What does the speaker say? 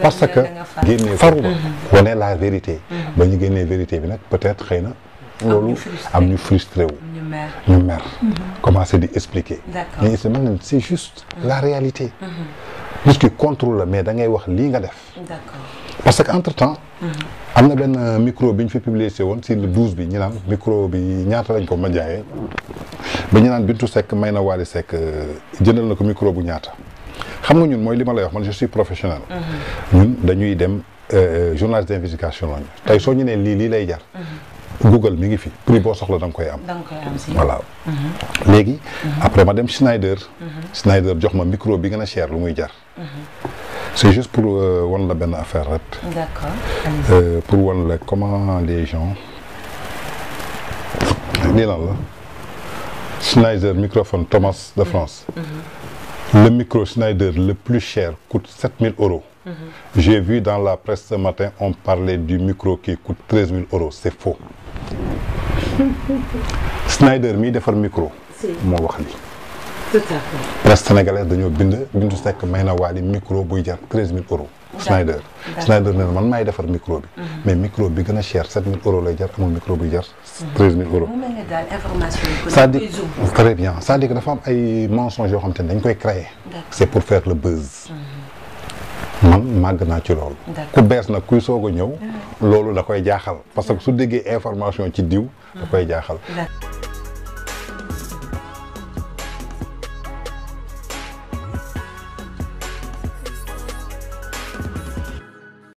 parce que génne faruma mhm. wane la vérité mhm. ba ñu génnee vérité bi nag peut-être xëy na loolu am ñu frustré ñu mer mhm. commencé di expliquer ñu gis ne c'est la réalité nit ki contrôle mais da ngay wax lii nga def parce que entre temps am na benn euh, micro bi ñu fi publié woon si le douze bi ñu naan micro bi ñaata lañ ko ma jaayee ba ñu naan Bintu Seck may na Wally Seck euh, jëndal na ko micro bu ñaata xam nga ñun mooy li ma lay wax man je suis professionnel. Mhm. ñun dañuy dem euh, euh, journaliste d'investigation lañu tey soo ñu nee lii lii lay jar. Mhm. Google mi ngi fi prix boo soxla danga koy am. da nga mhm. léegi après ma dem Schneider. Schneider jox ma micro bi gën a cher lu muy jar. c'est juste pour euh, wan la benn affaire rek. d'accord pour wan la comment les gens. lii lan la Schneider microphone Thomas de France. Le micro Schneider le plus cher coûte 7000 euros. Mm -hmm. J'ai vu dans la presse ce matin, on parlait du micro qui coûte 13 000 C'est faux. Schneider mi defar micro. presse sénégalaise dañoo bind bindu sekk may na waali micro buy jar treize mille euros Schneider Schneider ne man maay defar micro bi mhm. mais micro bi gën a cher sept mille euros lay jar amul micro buy jar mhm. treize mille euros c'est-à-dire très bien ay mensonges yoo xam te ne dañ koy créer c'est pour faire le buzz mhm. man màgg naa ci loolu ku bees nag kuy soog a ñëw loolu da koy jaaxal parce que su déggee information ci diw da koy jaaxal